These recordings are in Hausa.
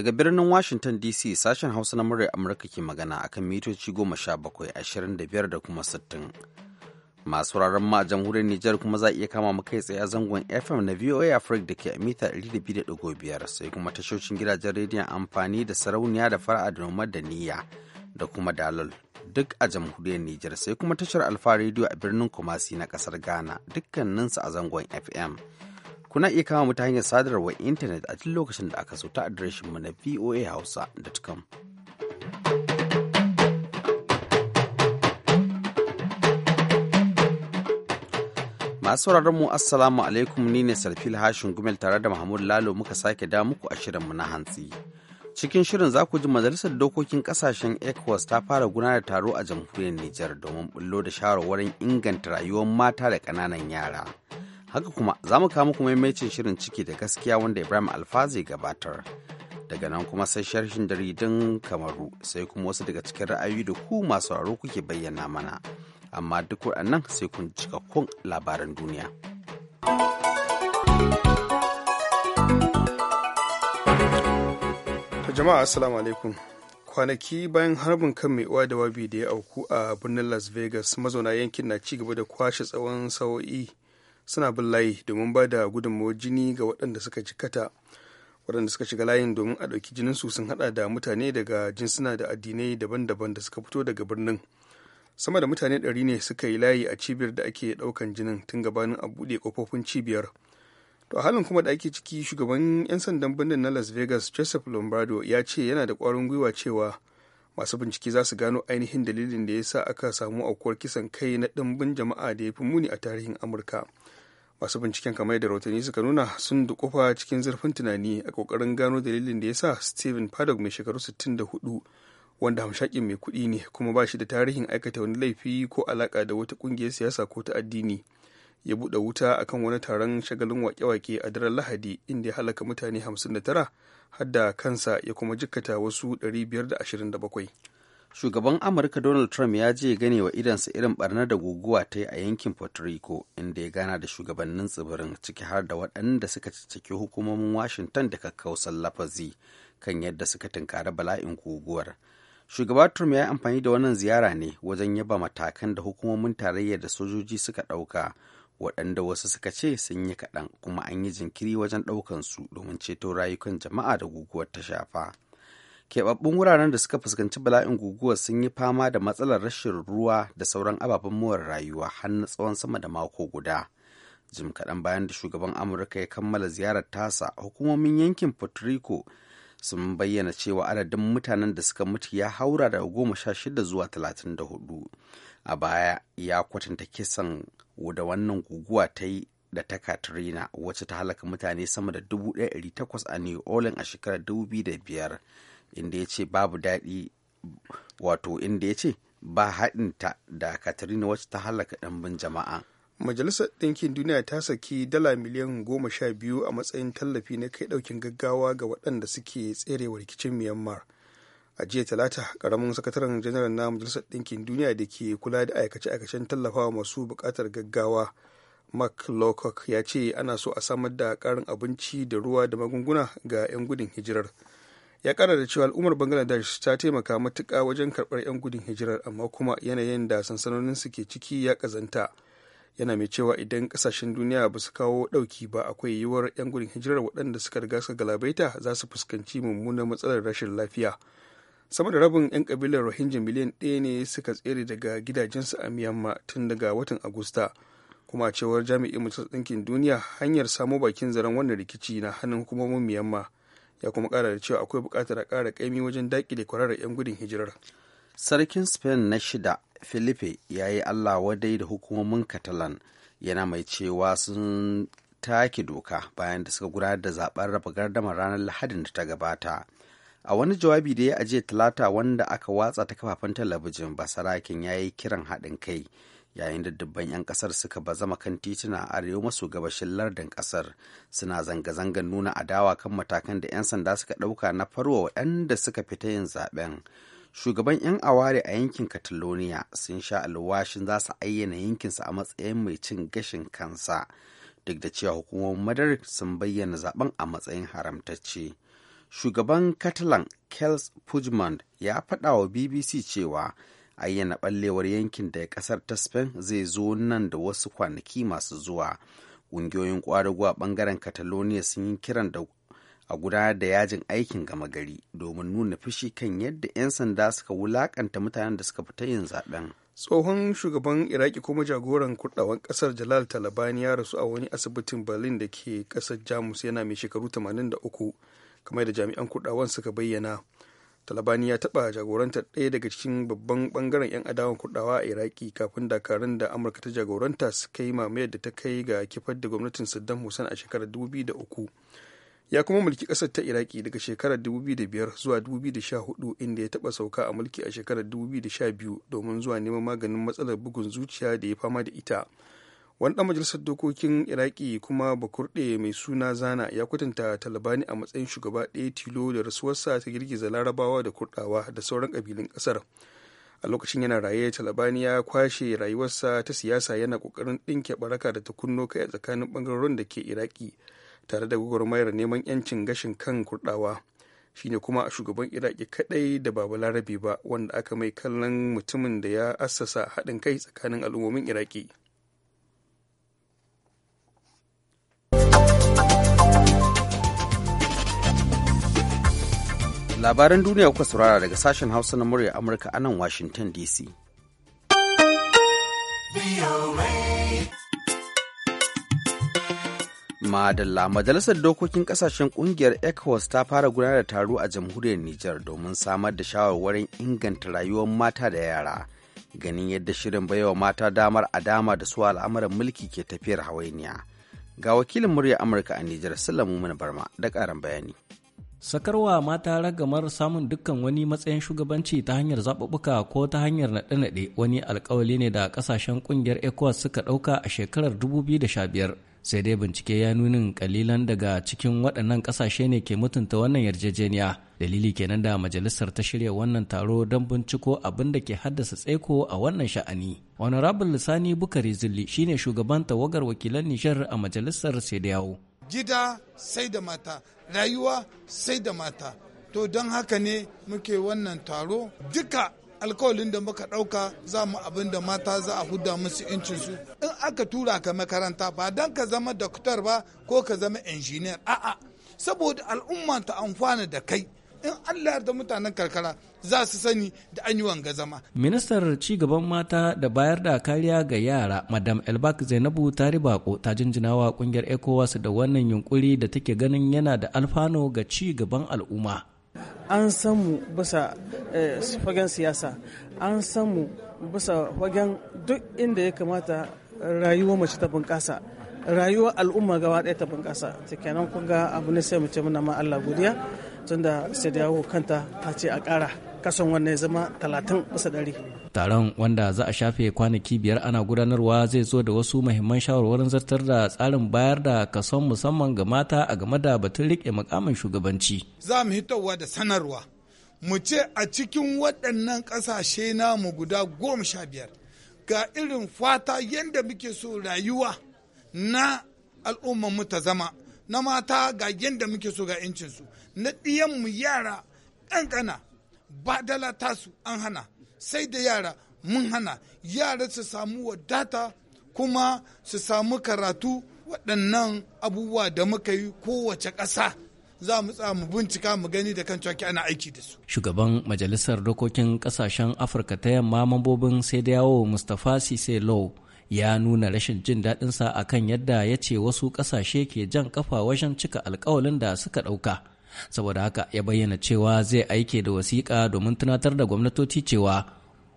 Daga birnin Washington DC sashen Hausa na muryar Amurka ke magana akan mitoci goma sha bakwai ashirin da biyar da kuma sittin. Masu wuraren ma a jamhuriyar Nijar kuma za a iya kama mu kai tsaye a zangon FM na VOA Africa da ke a mita 200.5 sai kuma tashocin gidajen rediyon amfani da sarauniya da fara'a da noma da niyya da kuma dalol duk a jamhuriyar Nijar sai kuma tashar Alfa rediyo a birnin Kumasi na kasar Ghana dukkaninsu a zangon FM. kuna iya kama mu ta hanyar sadarwar intanet a duk lokacin da aka so ta mu na voahausa.com. masu mu assalamu alaikum ni ne sarfil hashin gumel tare da mahmud lalo muka sake da muku a shirin mu na hantsi cikin shirin za ku ji majalisar dokokin kasashen ecowas ta fara gudanar taro a jamhuriyar nijar domin bullo da shawarwarin inganta rayuwar mata da ƙananan yara haka kuma za mu kawo muku maimacin shirin ciki da gaskiya wanda ibrahim alfa zai gabatar daga nan kuma sai sharhin jaridun kamaru sai kuma wasu daga cikin ra'ayoyi da ku masu sauraro kuke bayyana mana amma duk waɗannan sai kun cikakkun labaran duniya jama'a assalamu alaikum kwanaki bayan harbin kan mai uwa da wabi da ya auku a birnin las vegas mazauna yankin na ci gaba da kwashe tsawon sa'o'i suna bin layi domin ba da gudunmawar jini ga waɗanda suka kata waɗanda suka shiga layin domin a ɗauki su sun haɗa da mutane daga jinsuna da addinai daban-daban da suka fito daga birnin sama da mutane ɗari ne suka yi layi a cibiyar da ake ɗaukan jinin tun gabanin a buɗe ƙofofin cibiyar to a halin kuma da ake ciki shugaban 'yan sandan birnin na las vegas joseph lombardo ya ce yana da ƙwarin gwiwa cewa masu bincike za su gano ainihin dalilin da ya sa aka samu aukuwar kisan kai na ɗimbin jama'a da ya fi muni a tarihin amurka masu binciken kamar da rahotanni suka nuna sun dukufa cikin zurfin tunani a kokarin gano dalilin da ya sa stephen paddock mai shekaru 64 wanda hamshakin mai kuɗi ne kuma ba shi da tarihin aikata wani laifi ko alaka da wata ƙungiyar siyasa ko ta addini ya buɗe wuta akan wani taron shagalin wake-wake a daren lahadi inda ya halaka mutane 59 har da kansa ya kuma jikkata wasu 527 shugaban amurka donald trump ya je gane wa idansa irin barnar da guguwa ta yi a yankin puerto rico inda ya gana da shugabannin tsibirin ciki har da waɗanda suka cicciki hukumomin washington da kakkausar lafazi kan yadda suka tunkari bala'in guguwar shugaba trump ya yi amfani da wannan ziyara ne wajen yaba matakan da hukumomin tarayya da sojoji suka ɗauka waɗanda wasu suka ce sun yi kaɗan kuma an yi jinkiri wajen ɗaukan su domin ceto rayukan jama'a da guguwar ta shafa. keɓaɓɓun wuraren da suka fuskanci bala'in guguwa sun yi fama da matsalar rashin ruwa da sauran ababen more rayuwa har na tsawon sama da mako guda jim kaɗan bayan da shugaban amurka ya kammala ziyarar tasa hukumomin yankin puerto rico sun bayyana cewa adadin mutanen da suka mutu ya haura daga goma sha shida zuwa talatin da hudu a baya ya kwatanta kisan da wannan guguwa ta yi da ta katrina wacce ta halaka mutane sama da dubu takwas a new orleans a shekarar dubu da biyar inda ya ce babu daɗi wato inda ya ce ba ta da katrina wacce ta halaka ɗanbin jama'a majalisar ɗinkin duniya ta saki dala miliyan goma sha biyu a matsayin tallafi na kai ɗaukin gaggawa ga waɗanda suke tserewa rikicin myanmar a jiya talata ƙaramin sakataren janar na majalisar ɗinkin duniya da ke kula da aikace-aikacen tallafawa masu buƙatar gaggawa mark lowcock ya ce ana so a samar da ƙarin abinci da ruwa da magunguna ga 'yan gudun hijirar ya kara da cewa al'ummar bangladesh ta taimaka matuka wajen karɓar 'yan gudun hijirar amma kuma yanayin da sansanonin su ke ciki ya kazanta yana mai cewa idan ƙasashen duniya ba su kawo ɗauki ba akwai yiwuwar 'yan gudun hijirar waɗanda suka riga suka galabaita za su fuskanci mummunan matsalar rashin lafiya sama da rabin 'yan kabilar rohingya miliyan ɗaya ne suka tsere daga gidajensu a miyamma tun daga watan agusta kuma a cewar jami'in majalisar ɗinkin duniya hanyar samo bakin zaren wannan rikici na hannun hukumomin miyamma. ya kuma kara da cewa akwai bukatar a kara kaimi wajen dakile kwararar 'yan gudun hijirar sarkin spain na shida felipe ya yi allah wadai da hukumomin catalan yana mai cewa sun take doka bayan da suka gudanar da zaben raba gardamar ranar lahadin da ta gabata a wani jawabi da ya ajiye talata wanda aka watsa ta kafafen talabijin basarakin ya yi kiran haɗin kai yayin da dubban 'yan kasar suka bazama kan tituna a arewa maso gabashin lardin kasar suna zanga zangan nuna adawa kan matakan da 'yan sanda suka ɗauka na farwa waɗanda suka fita yin zaben shugaban 'yan aware a yankin catalonia sun sha alwashin za su ayyana yankinsa a matsayin mai cin gashin kansa duk da cewa hukumomin madar sun bayyana zaben a matsayin haramtacce shugaban catalan kels pujman ya faɗa wa bbc cewa ayyana ballewar yankin da ƙasar ta spain zai zo nan da wasu kwanaki masu zuwa ƙungiyoyin ƙwadago a bangaren catalonia sun yi kiran da a gudanar da yajin aikin gama gari domin nuna fushi kan yadda 'yan sanda suka wulakanta mutanen da suka fita yin zaben tsohon shugaban iraki kuma jagoran kurdawan kasar jalal talabani ya rasu a wani asibitin berlin da ke kasar jamus yana mai shekaru 83 kamar da jami'an kurdawan suka bayyana talabani ya taɓa jagorantar ɗaya daga cikin babban ɓangaren 'yan adawan kurɗawa a iraki kafin dakarun da amurka ta jagoranta su kai mamayar da ta kai ga kifar da gwamnatin saddam hussein a shekarar 2003 ya kuma mulki ƙasar ta iraki daga shekarar 2005 zuwa 2014 inda ya taɓa sauka a mulki a shekarar 2012 domin zuwa neman maganin matsalar bugun zuciya da ya fama da ita wani ɗan majalisar dokokin iraki kuma bakurde mai suna zana ya kwatanta talibani a matsayin shugaba ɗaya tilo da rasuwarsa ta girgiza larabawa da kurɗawa da sauran ƙabilun ƙasar a lokacin yana raye talibani ya kwashe rayuwarsa ta siyasa yana kokarin ɗinke baraka da ta kunno kai a tsakanin ɓangarorin da ke iraki tare da gwagwarmayar neman 'yancin gashin kan kurɗawa shine kuma a shugaban iraki kaɗai da babu larabe ba wanda aka mai kallon mutumin da ya assasa haɗin kai tsakanin al'ummomin iraki Labaran duniya kuka saurara daga sashen Hausa na murya Amurka a nan Washington DC. Madalla Majalisar Dokokin Kasashen Kungiyar ECOWAS ta fara gudanar da taro a jamhuriyar Nijar domin samar da shawarwarin inganta rayuwar mata da yara. Ganin yadda shirin baiwa mata damar a dama da su al'amuran mulki ke tafiyar hawainiya. Ga wakilin murya Amurka a Nijar mana Barma da karin bayani. Sakarwa mata ragamar samun dukkan wani matsayin shugabanci ta hanyar zaɓuɓɓuka ko ta hanyar naɗe-naɗe wani alkawali ne da ƙasashen ƙungiyar ECOWAS suka ɗauka a shekarar 2015. Sai dai bincike ya nunin kalilan daga cikin waɗannan ƙasashe ne ke mutunta wannan yarjejeniya. Dalili kenan da majalisar ta shirya wannan taro don binciko abin da ke haddasa tsaiko a wannan sha'ani. Honorable Sani Bukari Zilli shine shugaban tawagar wakilan Nijar a majalisar yawo gida sai da mata rayuwa sai da mata to don haka ne muke wannan taro duka alkawalin da muka ɗauka za mu abin da mata za a huda musu su in aka tura ka makaranta ba don ka zama doktor ba ko ka zama injiniyar a'a saboda al'umma ta amfana da kai in Allah da mutanen karkara za su sani da an yi wanga zama. Ministar cigaban mata da bayar da kariya ga yara Madam Elbak Zainabu ta ko ta jinjinawa kungiyar ECOWAS da wannan yunkuri da take ganin yana da alfano ga ci gaban al'umma. An samu bisa eh, fagen siyasa, an samu bisa fagen duk inda ya kamata rayuwar mace ta bunƙasa. rayuwar al'umma gaba ɗaya ta bunƙasa kenan kun ga abu ne sai mu ce muna ma Allah godiya tun da yawo kanta ta ce a ƙara kasan wannan zama talatin bisa ɗari. Taron wanda za a shafe kwanaki biyar ana gudanarwa zai zo da wasu mahimman shawarwarin zartar da tsarin bayar da kason musamman ga mata a game da batun rike mukamin shugabanci. Za mu hitowa da sanarwa mu ce a cikin waɗannan ƙasashe namu guda goma sha biyar ga irin fata yadda muke so rayuwa na al'ummar mu ta zama na mata ga yadda muke so ga 'yancinsu na mu yara ƙanƙana ba dala tasu an hana sai da yara mun hana yara su samu wadata kuma su samu karatu waɗannan abubuwa da muka yi kowace ƙasa za mu tsaya bincika mu gani da kan cewa ana aiki da su. Shugaban Majalisar Dokokin Ƙasashen Afirka ta Yamma mambobin sai da yawo Mustapha Sise Law ya nuna rashin jin daɗinsa akan yadda ya ce wasu ƙasashe ke jan kafa wajen cika alkawalin da suka ɗauka. saboda haka ya bayyana cewa zai aike da wasiƙa domin tunatar da gwamnatoci cewa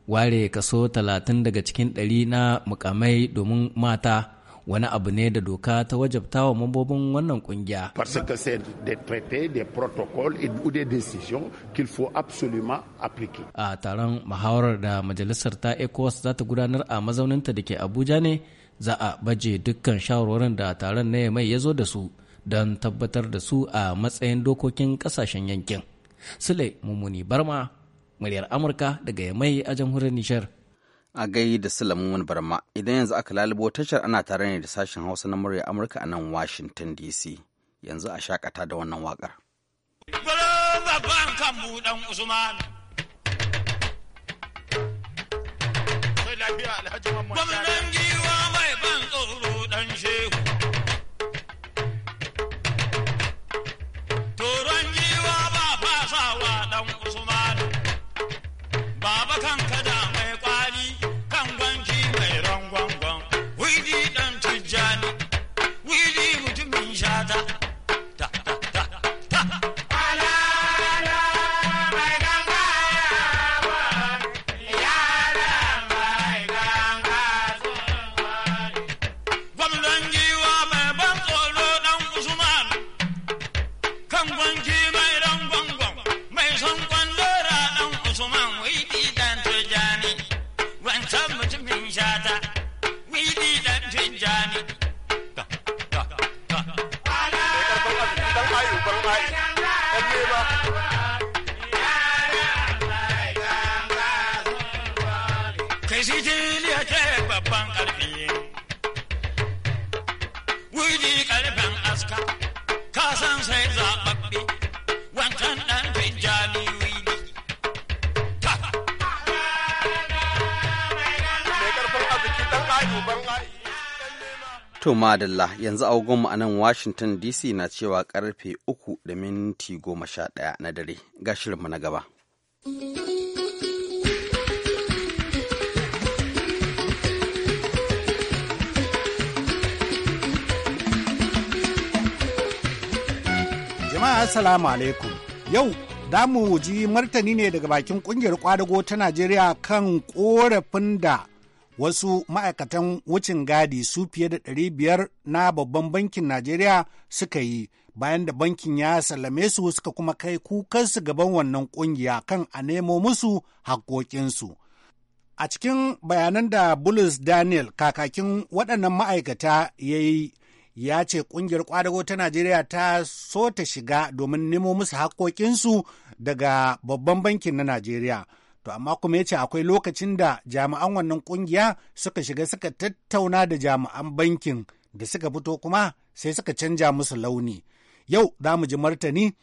ware kaso talatin daga cikin ɗari na mukamai domin mata wani abu ne da doka ta wajabta wa mambobin wannan kungiya. Parce que c'est des traités, des protocoles et des décisions qu'il faut absolument appliquer. A taron muhawarar da majalisar ta ECOWAS za ta gudanar a mazauninta da ke Abuja ne za a baje dukkan shawarwarin da taron na mai ya zo da su. don tabbatar da su a matsayin dokokin ƙasashen yankin. Sule Mummuni Barma, muryar Amurka daga Yamai a jamhuriyar Nijar. A gai da Sule Mummuni Barma, idan yanzu aka lalubo tashar ana tare ne da sashen Hausa na muryar Amurka a nan Washington DC. Yanzu a shakata da wannan waƙar. Gwamnan san sai zaɓaɓɓe wancan ɗan jijjali wili. To madalla yanzu agogonmu a nan Washington DC na cewa karfe uku da minti goma sha ɗaya na dare ga shirinmu na gaba. Jama'a Assalamu alaikum. Yau za mu ji martani ne daga bakin kungiyar kwadago ta Najeriya kan korafin da wasu ma'aikatan wucin gadi su fiye da ɗari biyar na babban bankin Najeriya suka yi bayan da bankin ya sallame su suka kuma kai kukansu gaban wannan kungiya kan a nemo musu hakokinsu A cikin bayanan da Bulus Daniel kakakin waɗannan ma'aikata ya yi ya ce kungiyar kwadago ta Najeriya ta so ta shiga domin nemo musu haƙoƙinsu daga babban bankin na Najeriya. To amma kuma ya ce akwai lokacin da jami'an wannan kungiya suka shiga suka tattauna da jami'an bankin da suka fito kuma sai suka canja musu launi. Yau za mu ji martani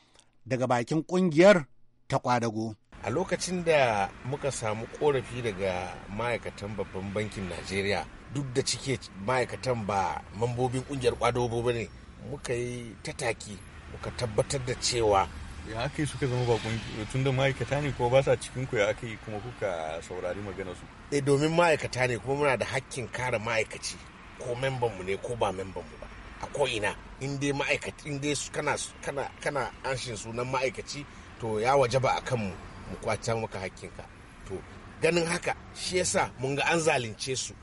daga bakin kungiyar ta kwadago. A lokacin da muka samu korafi daga ma'aikatan babban bankin Najeriya duk da cike ma'aikatan ba mambobin kungiyar kwado ba ne muka yi tataki muka tabbatar da cewa ya aka yi suka zama bakon tun da ma'aikata ne kuma ba sa cikin ku ya aka yi kuma kuka saurari magana su e domin ma'aikata ne kuma muna da hakkin kare ma'aikaci ko memban mu ne ko ba memban mu ba a ko ina in dai ma'aikata in dai kana kana kana anshin sunan ma'aikaci to ya wajaba akan mu mu kwata maka hakkinka to ganin haka shi yasa mun ga an zalunce su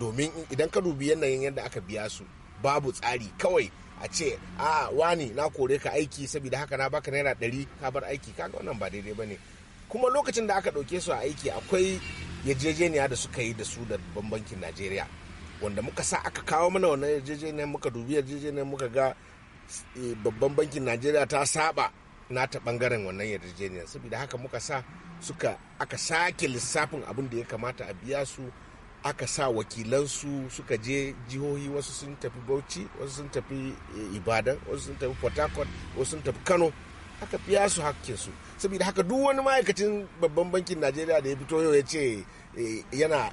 domin idan ka dubi yanayin yadda aka biya su babu tsari kawai a ce a wani na kore ka aiki saboda haka na baka naira ɗari ka bar aiki kaga wannan ba daidai ba ne kuma lokacin da aka ɗauke su a aiki akwai yarjejeniya da suka yi da su da banbankin najeriya wanda muka sa aka kawo mana wannan yarjejeniyar muka dubi yarjejeniyar muka ga e, babban bankin najeriya ta saba na ta bangaren wannan yarjejeniyar saboda haka muka sa suka aka sake lissafin abin da ya kamata a biya su aka sa wakilansu suka je jihohi wasu sun tafi bauchi wasu sun tafi eh, ibadan wasu sun tafi port harcourt wasu sun tafi kano aka fiya su hakkinsu saboda haka duk wani ma'aikacin babban bankin najeriya da ya fito yau ya ce eh,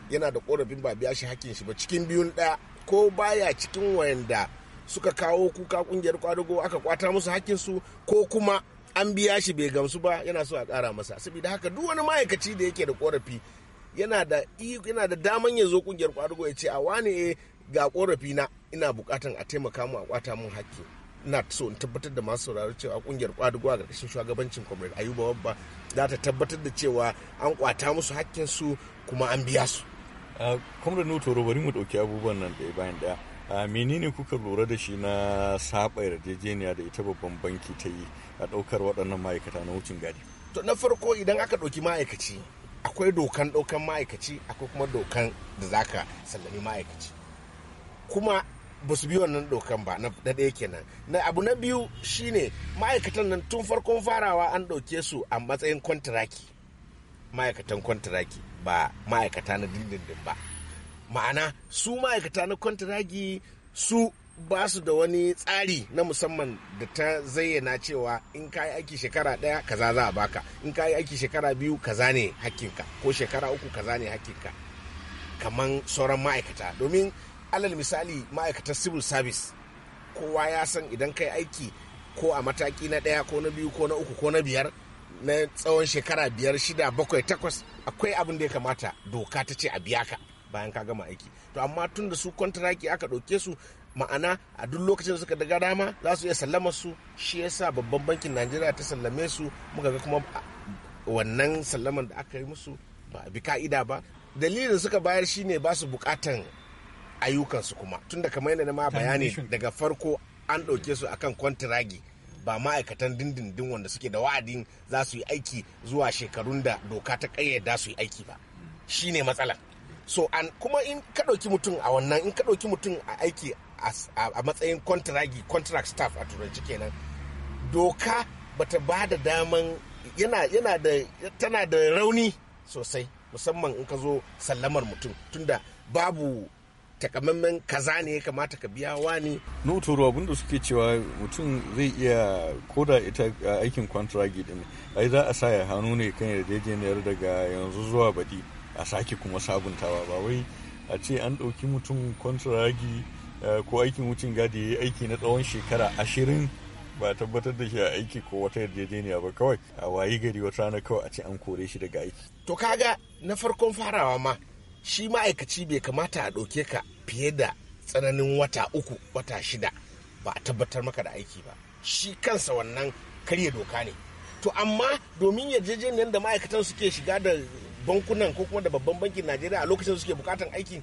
yana da korafin ba biya shi hakkin shi ba cikin biyun ɗaya ko baya cikin wayanda suka kawo kuka kungiyar kwadugo aka kwata musu hakkinsu ko kuma an biya shi bai gamsu ba yana so a tsara masa saboda haka duk wani ma'aikaci da yake da korafi yana da da daman ya zo kungiyar kwadugo ya ce a wane eh, ga korafi na ina bukatan a taimaka mu a kwata mun hakki ina so in tabbatar da masu sauraro cewa kungiyar kwadugo a ƙarƙashin shugabancin comrade ayuba babba za ta tabbatar da cewa an kwata musu hakkin su kuma an biya su comrade nutoro bari mu ɗauki abubuwan nan ɗaya bayan ɗaya a menene kuka lura da shi na saba yarjejeniya da ita babban banki ta yi a ɗaukar waɗannan ma'aikata na wucin gadi to na farko idan aka ɗauki ma'aikaci akwai dokan ɗaukan ma'aikaci akwai kuma dokan da zaka sallami ma'aikaci kuma ba su bi wannan dokan ba na ɗaya kenan na abu na biyu shine ma'aikatan nan tun farkon farawa an ɗauke su a matsayin kwantiraki ma'aikatan kwantiraki ba ma'aikata na dindindin ba ma'ana su ma'aikata na kwantiragi su ba su da wani tsari na musamman da ta zayyana cewa in ka yi aiki shekara ɗaya kaza za a baka in ka yi aiki shekara biyu kaza ne hakkinka ko shekara uku kaza ne hakkinka kamar sauran ma'aikata domin alal misali ma'aikatar civil service kowa ya san idan ka yi aiki ko a mataki na ɗaya ko na biyu ko na uku ko na biyar na tsawon shekara biyar shida bakwai takwas akwai abin da ya kamata doka ta ce a biya ka bayan ka gama aiki to amma tun da su kwantaraki aka ɗauke su ma'ana a duk lokacin da suka daga dama za su iya sallamar su shi yasa babban bankin najeriya ta sallame su muka ga kuma wannan sallaman da aka yi musu ba a bi ka'ida ba dalilin suka bayar shine ba su bukatan ayyukansu kuma tunda kamar yadda na ma bayani daga farko an ɗauke su akan kwantiragi ba ma'aikatan dindindin wanda suke da wa'adin za su yi aiki zuwa shekarun da doka ta kayyada su yi aiki ba shine matsalan so an kuma in ka ɗauki mutum a wannan in ka ɗauki mutum a aiki a matsayin kontragi contract staff a turanci kenan doka bata ba da daman yana yana da tana da rauni sosai musamman in ka zo sallamar mutum tunda babu takamaiman kaza ne ya kamata ka biya wa No turo abinda suke cewa mutum zai iya koda ita aikin kwantiragi din ai za a sa ya hannu ne kan yarjejeniyar daga yanzu zuwa baɗi a sake kuma sabuntawa ba wai a ce an ɗauki mutum kwantiragi Eh, ko aikin wucin gadi ya yi aiki na tsawon shekara ashirin ba tabbatar da shi a aiki ko wata yarjejeniya ba kawai a wayi gari wata rana kawai a ce an kore shi daga aiki. To kaga na farkon farawa ma shi ma'aikaci bai kamata a ɗauke ka fiye da tsananin wata uku wata shida ba a tabbatar maka da aiki ba shi kansa wannan karya doka ne to amma domin yarjejeniyar da ma'aikatan suke shiga da bankunan ko kuma da babban bankin najeriya a lokacin suke bukatan aiki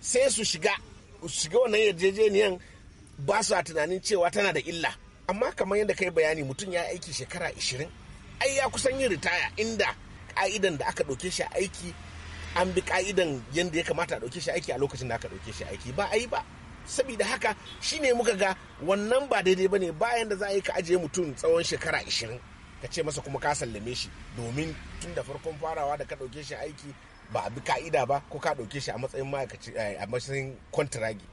sai su shiga shiga wannan yarjejeniyan ba su a tunanin cewa tana da illa amma kamar yadda kai bayani mutum ya aiki shekara 20 ai ya kusan yin ritaya inda ka'idan da aka ɗauke shi aiki an bi ka'idan yadda ya kamata a ɗauke shi aiki a lokacin da aka ɗauke shi aiki ba yi ba saboda haka shine muka ga wannan ba daidai ba ne bayan da za a yi ka ajiye mutum tsawon shekara 20 ka ce masa kuma ka sallame shi domin tun da farkon farawa da ka ɗauke shi aiki ba a bi ka'ida ba ko ka ɗauke shi a matsayin ma'aikaci eh, a matsayin kwantiragi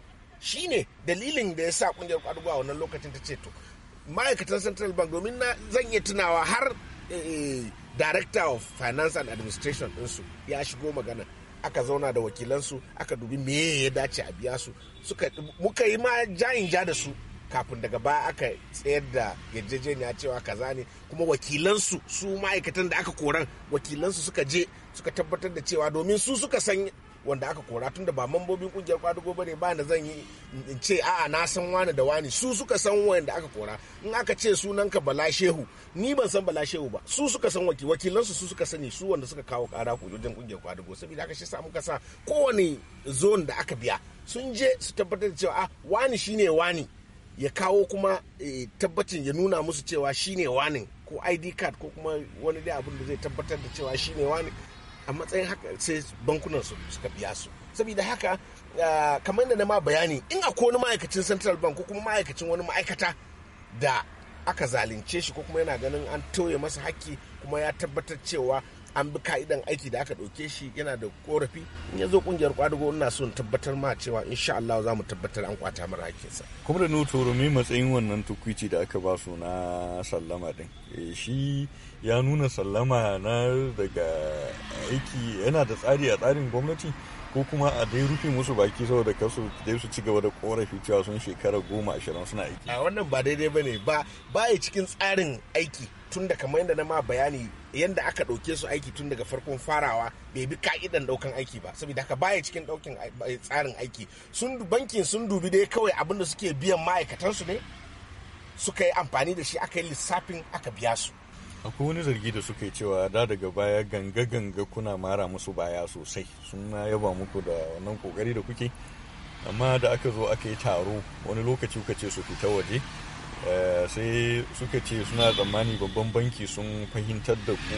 shi ne dalilin da ya sa ƙungiyar kwadugo a wannan lokacin ta ce to ma'aikatan central bank domin na zan iya tunawa har eh, director of finance and administration ɗinsu ya shigo magana aka zauna da wakilansu aka dubi me ya dace a biya su muka yi ma jayin ja da su kafin daga baya aka tsayar da yarjejeniya cewa kaza ne kuma wakilansu su ma'aikatan da aka koran wakilansu suka je suka tabbatar da cewa domin su suka san wanda aka kora tun da ba mambobin kungiyar kwadugo bane ba da zan yi in ce a'a na san wani da wani su suka san wanda aka kora in aka ce sunanka bala shehu ni ban san bala shehu ba su suka san waki wakilan su suka sani su wanda suka kawo kara ku wajen kungiyar kwadugo saboda aka shi muka sa kowane zone da aka biya sun je su tabbatar da cewa a ah, wani shine wani ya kawo kuma eh, tabbacin ya nuna musu cewa shine wani ko id card ko kuma wani dai abin da zai tabbatar da cewa shine wani a matsayin haka sai bankunan su suka biya su saboda haka kamar da na ma bayani in akwai wani ma'aikacin central bank ko kuma ma'aikacin wani ma'aikata da aka zalunce shi ko kuma yana ganin an toye masa haƙƙi kuma ya tabbatar cewa an bi ka'idan aiki da aka ɗauke shi yana da korafi in ya zo kungiyar kwadugo ina so in tabbatar ma cewa insha Allah za mu tabbatar an kwata mara hakinsa. kuma da nuto rumi matsayin wannan tukwici da aka ba su na sallama din eh, shi ya nuna sallama na daga aiki yana da tsari a tsarin gwamnati ko kuma a dai rufe musu baki saboda kasu dai su ci gaba da korafi cewa sun shekara goma ashirin suna aiki a wannan ba daidai ne ba ba ya cikin tsarin aiki tun da kamar yadda na ma bayani yadda aka ɗauke su aiki tun daga farkon farawa bai bi ka'idan ɗaukan aiki ba saboda haka baya cikin ɗaukin eh, tsarin aiki sun bankin sun dubi dai kawai abin da suke biyan ma'aikatansu ne suka yi amfani da shi aka yi lissafin aka biya su akwai wani zargi da suka yi cewa da daga baya ganga-ganga kuna mara musu baya sosai sun yaba muku da wannan kokari da kuke amma da aka zo aka yi taro wani lokaci kuka ce su fita waje eh, sai suka ce suna tsammani babban banki sun fahimtar da ku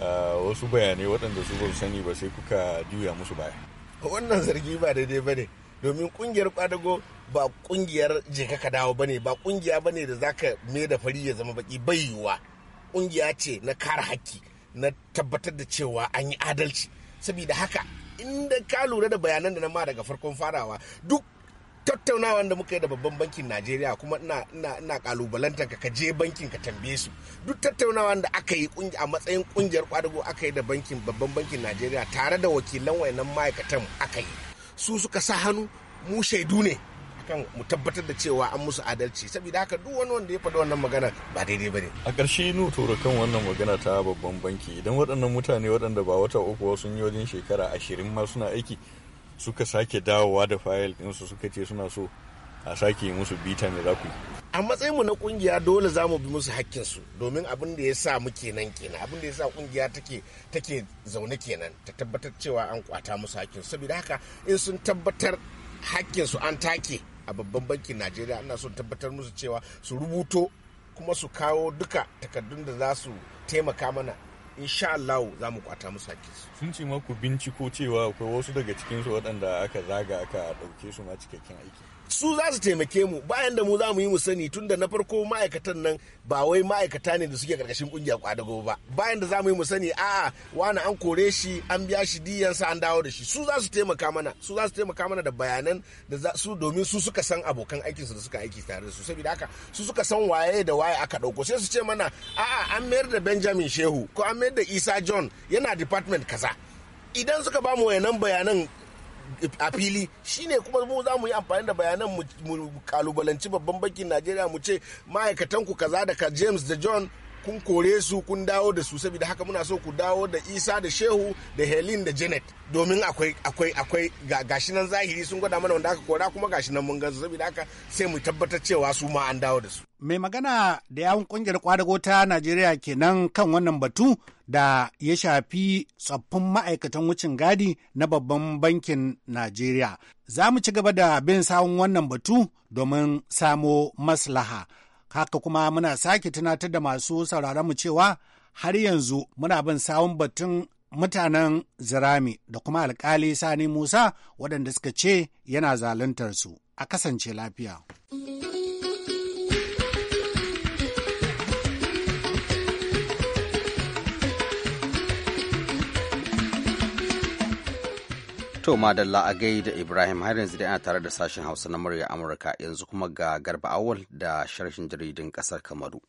eh, wasu bayanai waɗanda su ba sani ba sai kuka juya musu baya wannan zargi ba daidai ba ne domin kungiyar kwadago ba kungiyar jeka ka dawo ba ne ba kungiya ba ne da zaka me da fari ya zama baki bai yiwuwa kungiya ce na kare haƙƙi na tabbatar da cewa an yi adalci saboda haka inda ka lura da bayanan da na ma daga farkon farawa duk tattaunawa da muka yi da babban bankin najeriya kuma ina kalubalantar ka je bankin ka tambaye su duk tattaunawa da aka yi a matsayin kungiyar kwadago aka yi da bankin babban bankin najeriya tare da wakilan wayannan ma'aikatan aka yi su suka sa hannu mu shaidu ne kan mu tabbatar da cewa an musu adalci saboda haka duk wani wanda ya faɗi wannan magana ba daidai ba ne. a ƙarshe nu tura kan wannan magana ta babban banki idan waɗannan mutane waɗanda ba wata uku sun yi wajen shekara ashirin ma suna aiki suka sake dawowa da fayil ɗinsu suka ce suna so a sake musu bita ne za ku yi. a matsayinmu na kungiya dole za mu bi musu hakkinsu domin abin da ya sa mu kenan kenan abin da ya sa kungiya take take zaune kenan ta tabbatar cewa an kwata musu hakkinsu saboda haka in sun tabbatar hakkinsu an take a babban bankin najeriya ana son tabbatar musu cewa su rubuto kuma su kawo duka takardun da za su taimaka mana insha Allah za mu kwata musu su. Sun ce maku binciko cewa akwai wasu daga cikinsu waɗanda aka zaga aka ɗauke su ma cikakken aiki. su za su taimake mu bayan da mu za mu yi mu sani tun da na farko ma'aikatan nan ba wai ma'aikata ne da suke karkashin kungiyar kwadago ba bayan da za mu yi mu sani a'a wani an kore shi an biya shi diyansa an dawo da shi su za su taimaka mana su za su taimaka mana da bayanan da su domin su suka san abokan aikinsu da suka aiki tare da su saboda haka su suka san waye da waye aka dauko sai su ce mana a'a an mayar da Benjamin Shehu ko an mayar da Isa John yana department kaza idan suka ba mu wayannan bayanan a fili shi ne kuma mu za mu yi amfani da bayanan mu kalubalanci babban bankin najeriya mu ce ma'aikatanku kaza da ka james da john kun kore su kun dawo da su saboda haka muna so ku dawo da isa da shehu da helin da janet domin akwai akwai akwai gashi nan zahiri sun gwada mana wanda aka kora kuma gashi nan mun gansu saboda haka sai mu tabbatar cewa su ma an dawo da su mai magana da yawun kungiyar kwadago ta najeriya kenan kan wannan batu da ya shafi tsoffin ma'aikatan wucin gadi na babban bankin najeriya za mu ci gaba da bin sawun wannan batu domin samo maslaha Haka kuma muna sake tunatar da masu mu cewa har yanzu muna bin sawun batun mutanen Zirami da kuma alkali Sani Musa waɗanda suka ce yana zaluntar su. A kasance lafiya. To madalla a gai da Ibrahim har yanzu dai ana tare da sashen Hausa na murya Amurka yanzu kuma ga Garba Awal da sharshin jaridin ƙasar Kamaru.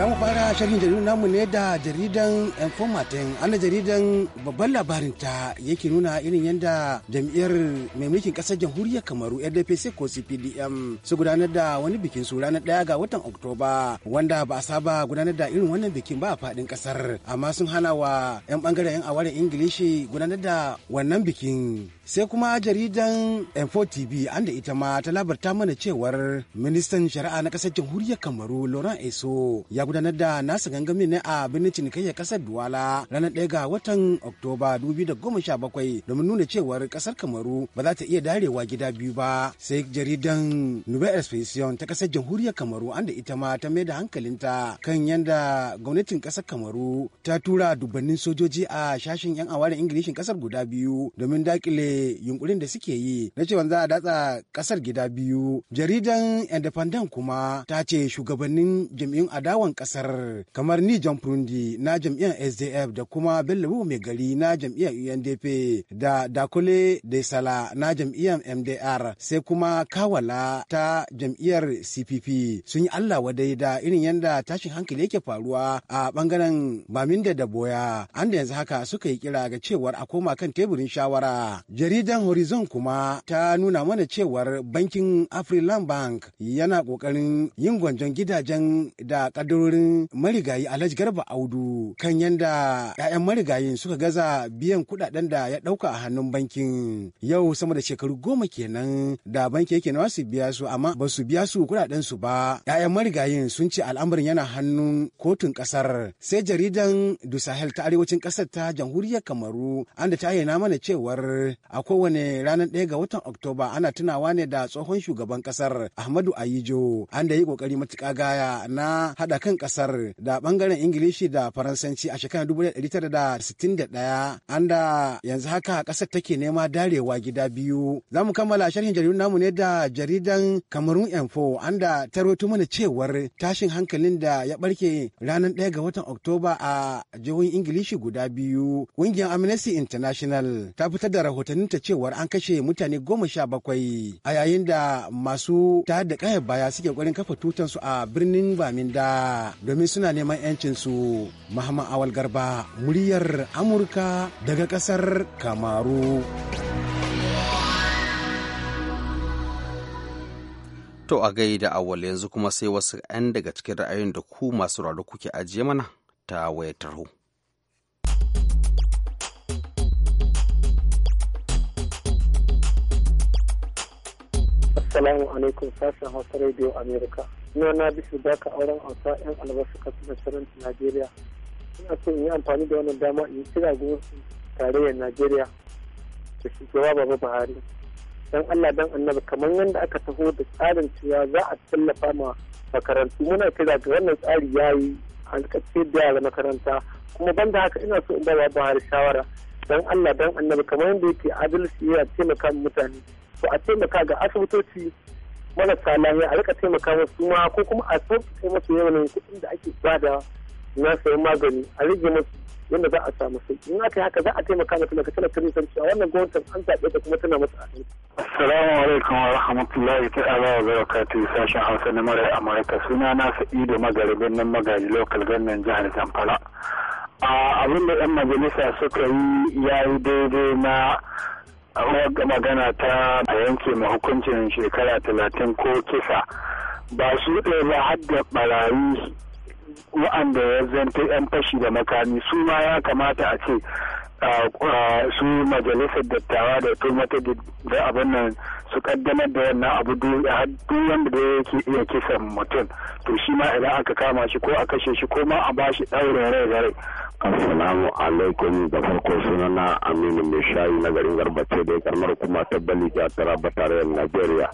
za mu fara shirin jaridun namu ne da jaridan informatin ana jaridan babban labarin ta yake nuna irin yadda jam'iyyar mai mulkin kasar jamhuriyar kamaru rdpc ko cpdm su gudanar da wani bikin su ranar daya ga watan oktoba wanda ba a saba gudanar da irin wannan bikin ba a fadin kasar amma sun hana wa 'yan bangaren 'yan awarin ingilishi gudanar da wannan bikin sai kuma jaridan m4 tv an da ita ma ta labarta mana cewar ministan shari'a na kasar jamhuriyar kamaru laurent eso ya gudanar da nasa gangamin ne a birnin cinikayya kasar Duwala ranar ɗaya ga watan Oktoba 2017 domin nuna cewar kasar Kamaru ba za ta iya darewa gida biyu ba sai jaridan Nouvelle Expression ta kasar jamhuriyar Kamaru anda ita ma ta mai da hankalinta kan yadda gwamnatin kasar Kamaru ta tura dubbannin sojoji a shashin 'yan awarin Ingilishin kasar guda biyu domin dakile yunkurin da suke yi na cewa za a datsa kasar gida biyu. Jaridan Independent kuma ta ce shugabannin jam'iyyun adawan kasar kamar ni John Prundi na jam'iyyar SDF da kuma Bello mai gari na jam'iyyar UNDP da Dakule Desala na jam'iyyar MDR sai kuma Kawala ta jam'iyyar CPP sun yi Allah wadai da irin yadda tashin hankali yake faruwa a bangaren Baminda da Boya an da yanzu haka suka yi kira ga cewar a koma kan teburin shawara jaridan Horizon kuma ta nuna mana cewar bankin Afriland Bank yana kokarin yin gwanjon gidajen da kadar kadarorin marigayi Alhaji Garba Audu kan yanda 'ya'yan marigayin suka gaza biyan kuɗaɗen da ya ɗauka a hannun bankin yau sama da shekaru goma kenan da banki yake nawa su biya su amma ba su biya su kuɗaɗen su ba 'ya'yan marigayin sun ce al'amarin yana hannun kotun ƙasar sai jaridan du Sahel ta arewacin ƙasar ta jamhuriyar Kamaru an da ta ayyana mana cewar a kowane ranar ɗaya ga watan Oktoba ana tunawa ne da tsohon shugaban ƙasar Ahmadu Ayijo an da yi ƙoƙari matuƙa gaya na haɗa kan kan kasar da bangaren ingilishi da faransanci a shekarar 1961 an da yanzu haka kasar take nema darewa gida biyu za mu kammala sharhin jaridun namu ne da jaridan kamarun info an da ta mana cewar tashin hankalin da ya barke ranar 1 ga watan oktoba a jihohin ingilishi guda biyu ƙungiyar amnesty international ta fitar da ta cewar an kashe mutane goma sha bakwai a yayin da masu ta da kaya baya suke ƙoƙarin kafa tutansu a birnin baminda domin suna neman 'yancinsu mahama Awal Garba muryar Amurka daga kasar Kamaru. To a gaida awal yanzu kuma sai wasu 'yan daga cikin ra'ayin da ku masu raro kuke ajiye mana ta wayar tarho. Assalamu alaikum sashen Hausa Radio Amerika. na na da ka auren hausa yan albasa kasu da shirin najeriya ina so in yi amfani da wannan dama in kira gwamnatin tarayyar najeriya da shugaba baba buhari dan allah dan annabi kamar yadda aka taho da tsarin cewa za a tallafa ma makarantu muna kira ga wannan tsari ya yi alƙace da yara makaranta kuma banda haka ina so in ba buhari shawara dan allah dan annabi kamar yadda yake adalci ya taimaka mutane to a taimaka ga asibitoci marasa lahiya a rika taimaka musu ko kuma a kai musu yawan kuɗin da ake bada na sayan magani a rage musu yadda za a samu sai in aka haka za a taimaka mata daga tana tare san a wannan gwamnatin an zaɓe ta kuma tana masa adalci. Assalamu alaikum wa rahmatullahi ala wa kati sashen Hausa na marar Amurka suna na Sa'idu Magaribin nan Magari lokal Gannan jihar Zamfara. A ah, abin da 'yan majalisa suka yi ya yi daidai na ga magana ta a yanke ma hukuncin shekara talatin ko kisa ba su ɗaya ba har da ɓarayi wa'anda ya zanta 'yan fashi da makami su ma ya kamata a ce su majalisar dattawa da tumata da abin nan su kaddamar da wannan abu duk wanda da yake iya kisan mutum to shi ma idan aka kama shi ko a kashe shi ko ma a bashi ɗaurin rai da rai Assalamu alaikum da farko sunana Aminu mai shayi na garin garbace da ya kuma ta balija tara ba tarayyar Najeriya.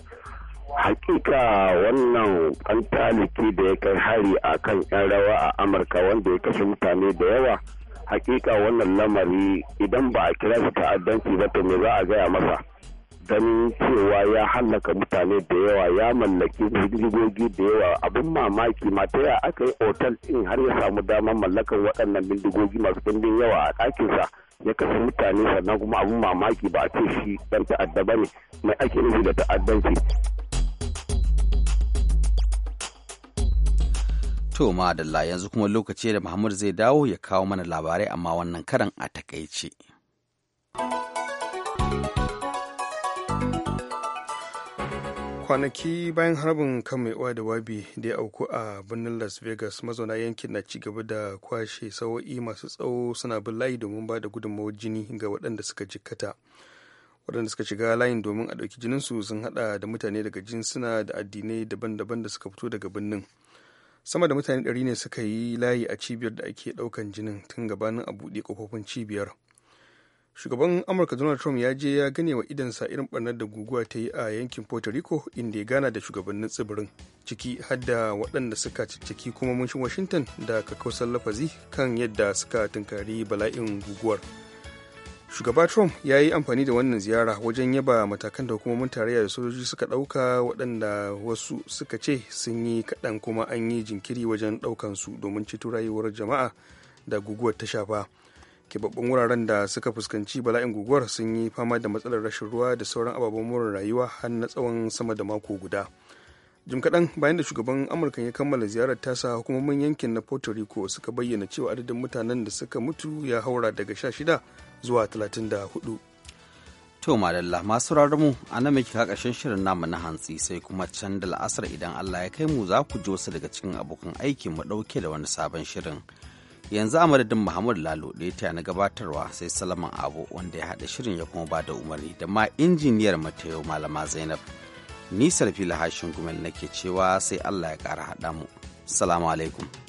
Hakika wannan an taliki da ya kai hari a kan 'yan rawa a Amurka wanda ya kashe mutane da yawa. Hakika wannan lamari idan ba a kira shi ta'addanci ba to me za a gaya masa. ganin cewa ya hallaka mutane da yawa ya mallaki bindigogi da yawa abin mamaki ma ta aka yi otal din har ya samu damar mallakar waɗannan bindigogi masu ɗimbin yawa a ɗakinsa ya kashe mutane sannan kuma abin mamaki ba a ce shi ɗan ta'adda ba ne mai ake nufi da ta'addanci. To madalla yanzu kuma lokaci da Muhammad zai dawo ya kawo mana labarai amma wannan karan a takaice. kwanaki bayan harbin kan mai uwa da wabi da ya auku a birnin las vegas mazauna yankin na ci gaba da kwashe sawo'i masu tsawo suna bin layi domin ba da gudunmawar jini ga waɗanda suka jikkata waɗanda suka shiga layin domin a ɗauki jininsu sun haɗa da mutane daga jinsuna da addinai daban-daban da suka fito daga birnin sama da mutane ɗari ne suka yi layi a cibiyar da ake ɗaukan jinin tun gabanin a buɗe ƙofofin cibiyar shugaban amurka donald trump ya je ya gane wa idansa irin barnar da guguwa ta yi a yankin puerto rico inda ya gana da shugabannin tsibirin ciki hadda waɗanda suka cicciki kuma munshin washington da kakausar lafazi kan yadda suka tunkari bala'in guguwar shugaba trump ya yi amfani da wannan ziyara wajen yaba matakan da hukumomin tarayya da sojoji suka ɗauka waɗanda wasu suka ce sun yi kaɗan kuma an yi jinkiri wajen ɗaukansu domin ceto rayuwar jama'a da guguwar ta shafa keɓaɓɓun wuraren da suka fuskanci bala'in guguwar sun yi fama da matsalar rashin ruwa da sauran ababen more rayuwa har na tsawon sama da mako guda jim kaɗan bayan da shugaban amurka ya kammala ziyarar tasa hukumomin yankin na puerto rico suka bayyana cewa adadin mutanen da suka mutu ya haura daga sha shida zuwa 34 to madalla masu mu a nan muke kakashin shirin namu na hantsi sai kuma can da la'asar idan allah ya kai mu za ku ji wasu daga cikin abokan aikin mu ɗauke da wani sabon shirin yanzu a madadin muhammadu lalo da ya taya na gabatarwa sai salaman abu wanda ya haɗa shirin ya kuma ba da umarni da ma injiniyar matayo malama zainab ni sarfila hashin gumel nake cewa sai allah ya ƙara haɗa mu salamu alaikum